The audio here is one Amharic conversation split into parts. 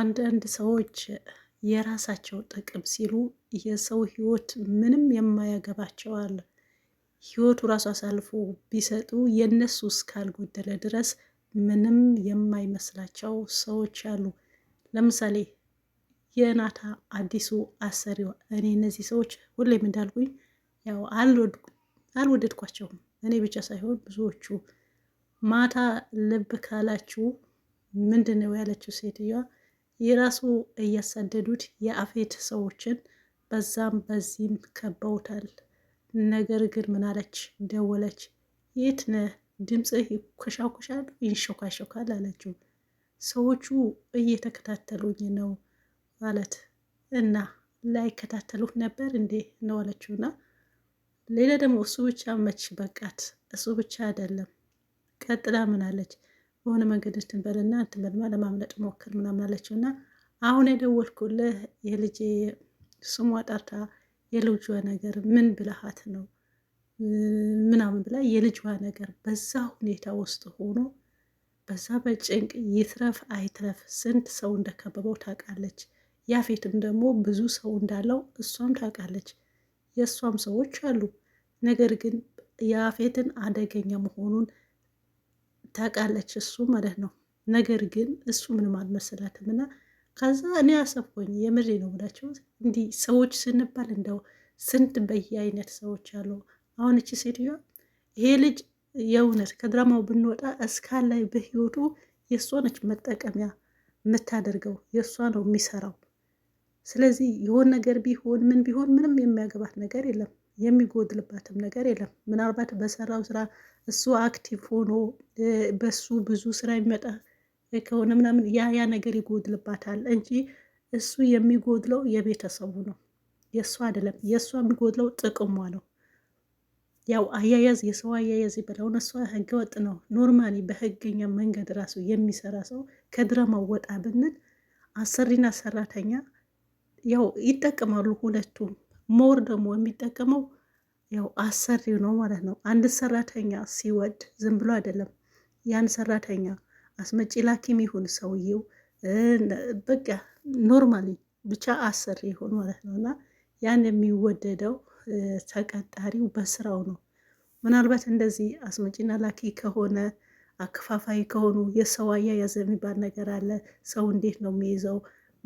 አንዳንድ ሰዎች የራሳቸው ጥቅም ሲሉ የሰው ህይወት ምንም የማያገባቸው አለ። ሕይወቱ ራሱ አሳልፎ ቢሰጡ የእነሱ እስካልጎደለ ድረስ ምንም የማይመስላቸው ሰዎች አሉ። ለምሳሌ የናታ አዲሱ አሰሪው እኔ እነዚህ ሰዎች ሁሌም እንዳልኩኝ ያው አልወደድኳቸውም። እኔ ብቻ ሳይሆን ብዙዎቹ። ማታ ልብ ካላችሁ ምንድን ነው ያለችው ሴትዮዋ? የራሱ እያሳደዱት የአፌት ሰዎችን በዛም በዚህም ከበውታል። ነገር ግን ምናለች ደወለች። የት ነህ? ድምፅህ ይኮሻኮሻል፣ ይንሾካሾካል አለችው። ሰዎቹ እየተከታተሉኝ ነው ማለት እና ላይከታተሉት ነበር እንዴ ነው አለችው። እና ሌላ ደግሞ እሱ ብቻ መች በቃት። እሱ ብቻ አይደለም ቀጥላ ምናለች በሆነ መንገድ ትንበልና ትንበልማ ለማምለጥ ሞክር ምናምን አለችው እና አሁን የደወልኩልህ የልጄ ስሟ ጠርታ የልጇ ነገር ምን ብልሃት ነው ምናምን ብላ የልጇ ነገር በዛ ሁኔታ ውስጥ ሆኖ በዛ በጭንቅ ይትረፍ አይትረፍ ስንት ሰው እንደከበበው ታውቃለች። ያፌትም ደግሞ ብዙ ሰው እንዳለው እሷም ታውቃለች። የእሷም ሰዎች አሉ። ነገር ግን ያፌትን አደገኛ መሆኑን ታውቃለች እሱ ማለት ነው። ነገር ግን እሱ ምንም አልመሰላትም እና ከዛ እኔ አሰብኩኝ የምሬ ነው ብላቸው እንዲህ ሰዎች ስንባል እንደው ስንት በየአይነት ሰዎች አሉ። አሁን እቺ ሴትዮዋ ይሄ ልጅ የእውነት ከድራማው ብንወጣ እስካን ላይ በህይወቱ የእሷ ነች መጠቀሚያ የምታደርገው የእሷ ነው የሚሰራው። ስለዚህ የሆን ነገር ቢሆን ምን ቢሆን ምንም የሚያገባት ነገር የለም። የሚጎድልበትም ነገር የለም። ምናልባት በሰራው ስራ እሱ አክቲቭ ሆኖ በሱ ብዙ ስራ የሚመጣ ከሆነ ምናምን ያ ያ ነገር ይጎድልባታል እንጂ እሱ የሚጎድለው የቤተሰቡ ነው፣ የእሱ አይደለም። የእሷ የሚጎድለው ጥቅሟ ነው። ያው አያያዝ የሰው አያያዝ ይበላውን። እሷ ህገ ወጥ ነው። ኖርማሊ በህገኛ መንገድ ራሱ የሚሰራ ሰው ከድራማው ወጣ ብንል አሰሪና ሰራተኛ ያው ይጠቅማሉ ሁለቱም ሞር ደግሞ የሚጠቀመው ያው አሰሪው ነው ማለት ነው። አንድ ሰራተኛ ሲወድ ዝም ብሎ አይደለም። ያን ሰራተኛ አስመጪ ላኪም ይሁን ሰውየው በቃ ኖርማሊ ብቻ አሰሪ ይሁን ማለት ነው። እና ያን የሚወደደው ተቀጣሪው በስራው ነው። ምናልባት እንደዚህ አስመጪና ላኪ ከሆነ አከፋፋይ ከሆኑ የሰው አያያዝ የሚባል ነገር አለ። ሰው እንዴት ነው የሚይዘው?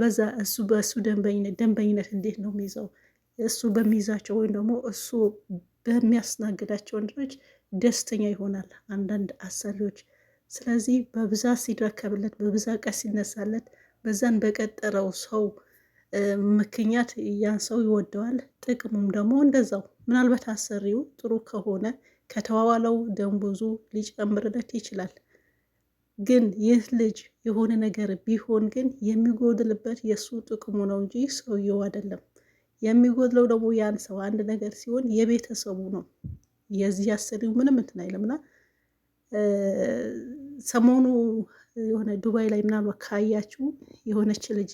በዛ እሱ በእሱ ደንበኝነት ደንበኝነት እንዴት ነው የሚይዘው እሱ በሚይዛቸው ወይም ደግሞ እሱ በሚያስናግዳቸው ወንድሞች ደስተኛ ይሆናል አንዳንድ አሰሪዎች። ስለዚህ በብዛት ሲረከብለት፣ በብዛት ቀን ሲነሳለት፣ በዛን በቀጠረው ሰው ምክንያት ያን ሰው ይወደዋል። ጥቅሙም ደግሞ እንደዛው ምናልባት አሰሪው ጥሩ ከሆነ ከተዋዋለው ደንብዙ ሊጨምርለት ይችላል። ግን ይህ ልጅ የሆነ ነገር ቢሆን ግን የሚጎድልበት የእሱ ጥቅሙ ነው እንጂ ሰውየው አይደለም። የሚጎድለው ደግሞ ያን ሰው አንድ ነገር ሲሆን የቤተሰቡ ነው። የዚህ አሰሪው ምንም እንትን አይለምና ሰሞኑ የሆነ ዱባይ ላይ ምናልባት ካያችሁ የሆነች ልጅ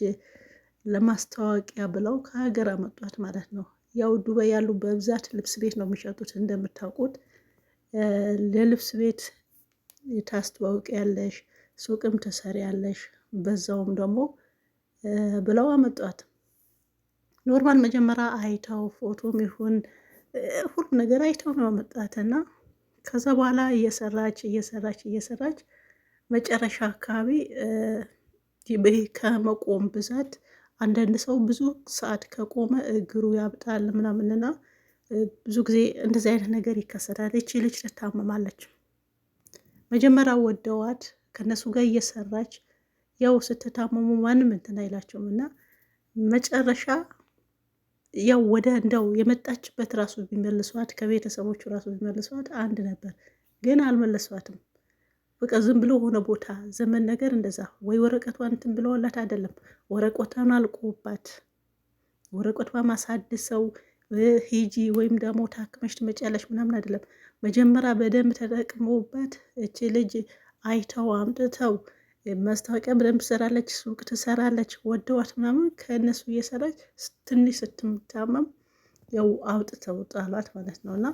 ለማስታወቂያ ብለው ከሀገር አመጧት ማለት ነው። ያው ዱባይ ያሉ በብዛት ልብስ ቤት ነው የሚሸጡት እንደምታውቁት። ለልብስ ቤት ያለሽ ሱቅም ያለሽ በዛውም ደግሞ ብለው አመጧት። ኖርማል መጀመሪያ አይተው ፎቶም ይሁን ሁሉም ነገር አይተው ነው መጣትና ከዛ በኋላ እየሰራች እየሰራች እየሰራች መጨረሻ አካባቢ ይህ ከመቆም ብዛት አንዳንድ ሰው ብዙ ሰዓት ከቆመ እግሩ ያብጣል ምናምንና ብዙ ጊዜ እንደዚህ አይነት ነገር ይከሰታል። ይቺ ልጅ ትታመማለች። መጀመሪያ ወደዋት ከእነሱ ጋር እየሰራች ያው ስትታመሙ ማንም እንትን አይላቸውም እና መጨረሻ ያው ወደ እንደው የመጣችበት ራሱ ቢመልሷት ከቤተሰቦቹ ራሱ ቢመልሷት አንድ ነበር፣ ግን አልመለሷትም። በቃ ዝም ብሎ ሆነ ቦታ ዘመን ነገር እንደዛ ወይ ወረቀቷን እንትን ብለላት አይደለም፣ ወረቀቷን አልቆባት ወረቀቷ አሳድሰው ሂጂ ወይም ደግሞ ታክመሽ ትመጪያለሽ ምናምን አይደለም። መጀመሪያ በደንብ ተጠቅመውበት እች ልጅ አይተው አምጥተው ማስታወቂያ በደንብ ትሰራለች፣ ሱቅ ትሰራለች፣ ወደዋት ምናምን ከእነሱ እየሰራች ትንሽ ስትምታመም ያው አውጥተው ጣሏት ማለት ነው። እና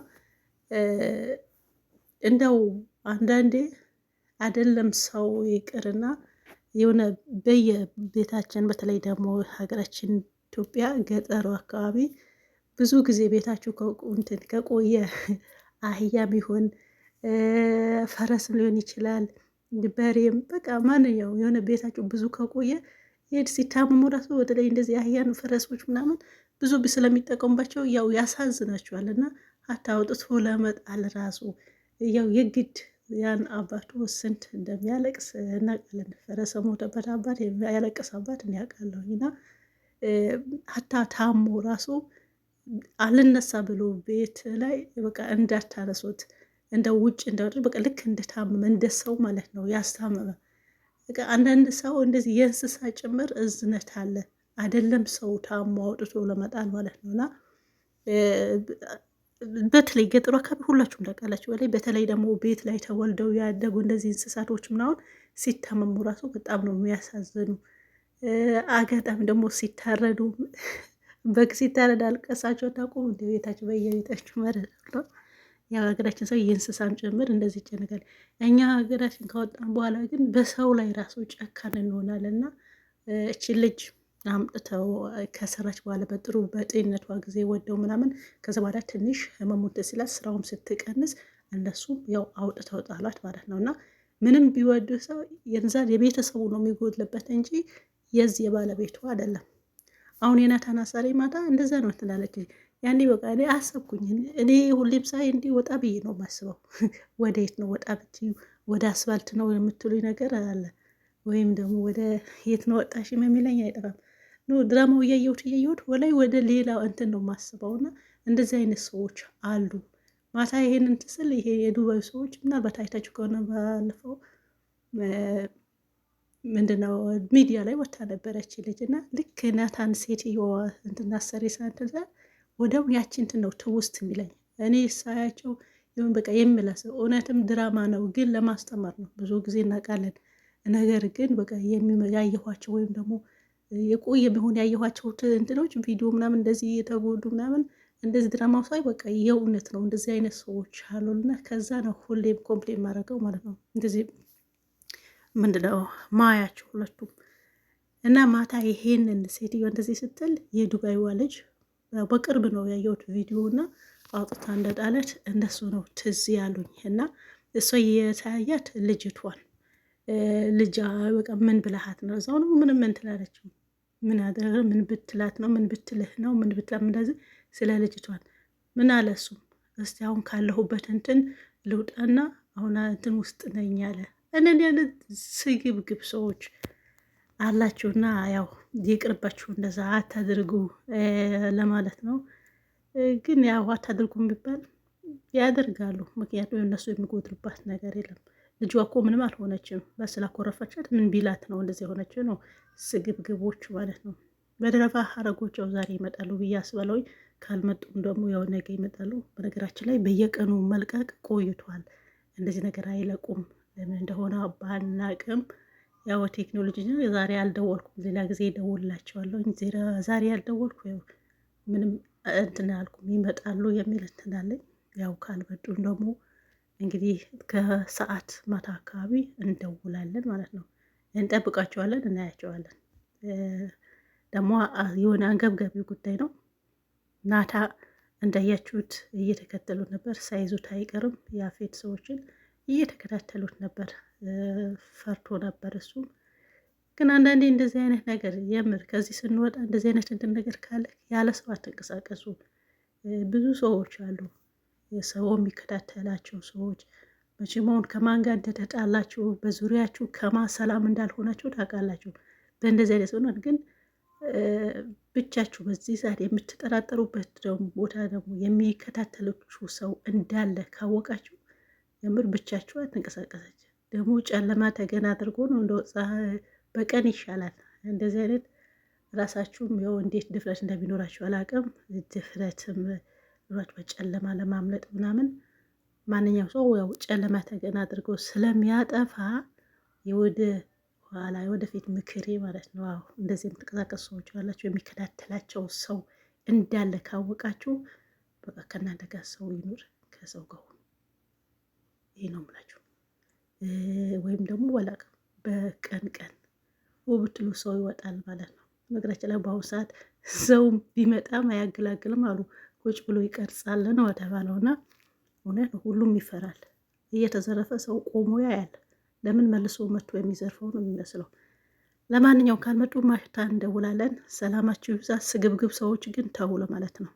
እንደው አንዳንዴ አይደለም ሰው ይቅርና የሆነ በየቤታችን በተለይ ደግሞ ሀገራችን ኢትዮጵያ ገጠሩ አካባቢ ብዙ ጊዜ ቤታችሁ ከቆየ አህያም ይሆን ፈረስም ሊሆን ይችላል በሬም በቃ ማንኛው የሆነ ቤታቸው ብዙ ከቆየ ሄድ ሲታመሙ ራሱ በተለይ እንደዚህ አህያን ፈረሶች ምናምን ብዙ ስለሚጠቀሙባቸው ያው ያሳዝናቸዋል። እና ሀታ አውጥቶ ለመጣል ራሱ ያው የግድ ያን አባቱ ስንት እንደሚያለቅስ እናቃለን። ፈረሰ ሞተበት አባት ያለቀስ አባት እንያውቃለሁኝ። እና አታ ታሞ ራሱ አልነሳ ብሎ ቤት ላይ በቃ እንዳታነሱት እንደ ውጭ እንደ በቃ ልክ እንደታመመ እንደ ሰው ማለት ነው ያስታመመ። አንዳንድ ሰው እንደዚህ የእንስሳ ጭምር እዝነት አለ አይደለም ሰው ታሞ አውጥቶ ለመጣል ማለት ነው። እና በተለይ ገጠሩ አካባቢ ሁላችሁም ታውቃላችሁ። በላይ በተለይ ደግሞ ቤት ላይ ተወልደው ያደጉ እንደዚህ እንስሳቶች ምናምን ሲታመሙ ራሱ በጣም ነው የሚያሳዝኑ። አጋጣሚ ደግሞ ሲታረዱ በግ ሲታረድ አልቀሳቸው ታቁም እንደ ቤታችሁ በየቤታችሁ መረዳት ነው ያው ሀገራችን ሰው የእንስሳም ጭምር እንደዚህ ይጨነቃል። እኛ ሀገራችን ከወጣን በኋላ ግን በሰው ላይ ራሱ ጨካን እና እቺ ልጅ አምጥተው ከሰራች በኋላ በጥሩ በጤንነቷ ጊዜ ወደው ምናምን ከዚ በኋላ ትንሽ ህመሙት ስላት ስራውም ስትቀንስ እነሱም ያው አውጥተው ጣሏት ማለት ነው። እና ምንም ቢወዱ ሰው የንዛን የቤተሰቡ ነው የሚጎድልበት እንጂ የዚህ የባለቤቱ አይደለም። አሁን የናታን አሳሪ ማታ እንደዛ ነው ትላለች። ያኔ በቃ እኔ አሰብኩኝ። እኔ ሁሌም ሳይ እንዲህ ወጣ ብዬ ነው የማስበው። የት ነው ወጣ ብትዩ ወደ አስፋልት ነው የምትሉኝ ነገር አለ ወይም ደግሞ ወደ የት ነው ወጣሽ የሚለኝ አይጠፋም። ድራማው እያየሁት እያየሁት ወላይ ወደ ሌላው እንትን ነው የማስበው። እና እንደዚህ አይነት ሰዎች አሉ። ማታ ይሄንን ትስል ይሄ የዱባዩ ሰዎች ምናልባት አይታችሁ ከሆነ ባለፈው ምንድነው ሚዲያ ላይ ወታ ነበረች ልጅ እና ልክ ናታን ሴትዮዋ እንትን አሰሪ ሳንትዛ ወደው ያችን እንትን ነው ትውስት የሚለኝ እኔ ሳያቸው ይሁን በቃ የሚለሰው እውነትም ድራማ ነው፣ ግን ለማስተማር ነው። ብዙ ጊዜ እናውቃለን። ነገር ግን በቃ ያየኋቸው ወይም ደግሞ የቆየ ቢሆን ያየኋቸው እንትኖች ቪዲዮ ምናምን እንደዚህ የተጎዱ ምናምን እንደዚህ ድራማው ሳይ በቃ የእውነት ነው እንደዚህ አይነት ሰዎች አሉና ከዛ ነው ሁሌም ኮምፕሌን ማድረገው ማለት ነው። እንደዚህ ምንድነው ማያቸው ሁለቱም እና ማታ ይሄንን ሴትዮ እንደዚህ ስትል የዱባይዋ ልጅ በቅርብ ነው ያየሁት ቪዲዮ እና አውጥታ እንደጣለች እንደሱ ነው ትዝ ያሉኝ እና እሷ የተያያት ልጅቷን ልጃ በቃ ምን ብልሃት ነው እዛው ነው ምንም ምን ትላለችው ምን ምን ብትላት ነው ምን ብትልህ ነው ምን ብትላ እንደዚህ ስለ ልጅቷን ምን አለ እሱም እስቲ አሁን ካለሁበት እንትን ልውጣና አሁን እንትን ውስጥ ነኝ አለ እነን ያለ ስግብግብ ሰዎች አላችሁና ያው ይቅርባችሁ፣ እንደዛ አታድርጉ ለማለት ነው። ግን ያው አታድርጉ የሚባል ያደርጋሉ። ምክንያቱም እነሱ የሚጎድሉባት ነገር የለም። ልጅ እኮ ምንም አልሆነችም። በስላ በስላኮረፈቻት ምን ቢላት ነው እንደዚህ የሆነች ነው። ስግብግቦች ማለት ነው። በደረባ ሀረጎች ያው ዛሬ ይመጣሉ ብዬ አስባለሁ። ካልመጡም ደግሞ ያው ነገ ይመጣሉ። በነገራችን ላይ በየቀኑ መልቀቅ ቆይቷል። እንደዚህ ነገር አይለቁም። ለምን እንደሆነ ባናቅም ያው ቴክኖሎጂ ነው። ዛሬ አልደወልኩም፣ ሌላ ጊዜ ደውላቸዋለሁ። ዛሬ ያልደወልኩ ምንም እንትን አልኩም፣ ይመጣሉ የሚል እንትን አለኝ። ያው ካልመጡም ደግሞ እንግዲህ ከሰዓት ማታ አካባቢ እንደውላለን ማለት ነው። እንጠብቃቸዋለን፣ እናያቸዋለን። ደግሞ የሆነ አንገብጋቢ ጉዳይ ነው። ናታ እንዳያችሁት እየተከተሉት ነበር፣ ሳይዙት አይቀርም። የአፌት ሰዎችን እየተከታተሉት ነበር። ፈርቶ ነበር እሱም ግን አንዳንዴ እንደዚህ አይነት ነገር የምር ከዚህ ስንወጣ እንደዚህ አይነት እንትን ነገር ካለ ያለ ሰው አትንቀሳቀሱ። ብዙ ሰዎች አሉ፣ ሰው የሚከታተላቸው ሰዎች መቼም አሁን ከማን ጋር እንደተጣላችሁ በዙሪያችሁ ከማ ሰላም እንዳልሆናችሁ ታውቃላችሁ። በእንደዚህ አይነት ሰውነት ግን ብቻችሁ በዚህ ሰዓት የምትጠራጠሩበት ደግሞ ቦታ ደግሞ የሚከታተሉ ሰው እንዳለ ካወቃችሁ የምር ብቻችሁ አትንቀሳቀሳችሁ። ደግሞ ጨለማ ተገን አድርጎ ነው እንደ በቀን ይሻላል። እንደዚህ አይነት ራሳችሁም ያው እንዴት ድፍረት እንደሚኖራችሁ አላውቅም። ድፍረትም ኑሯችሁ በጨለማ ለማምለጥ ምናምን ማንኛውም ሰው ያው ጨለማ ተገን አድርጎ ስለሚያጠፋ የወደ ኋላ ወደፊት ምክሬ ማለት ነው። አዎ እንደዚህ የምትቀሳቀሱ ሰዎች ያላቸው የሚከታተላቸው ሰው እንዳለ ካወቃችሁ በቃ ከእናንተ ጋር ሰው ይኑር፣ ከሰው ጋር ሆኑ። ይህ ነው የምላችሁ። ወይም ደግሞ ወላቅ በቀን ቀን ውብትሉ ሰው ይወጣል ማለት ነው። በነገራችን ላይ በአሁኑ ሰዓት ሰው ቢመጣም አያገላግልም አሉ ቁጭ ብሎ ይቀርጻል ነው የተባለው። እና እውነት ሁሉም ይፈራል። እየተዘረፈ ሰው ቆሞ ያያል። ለምን መልሶ መጥቶ የሚዘርፈው ነው የሚመስለው። ለማንኛውም ካልመጡ ማታ እንደውላለን። ሰላማችሁ ይብዛ። ስግብግብ ሰዎች ግን ተውሎ ማለት ነው።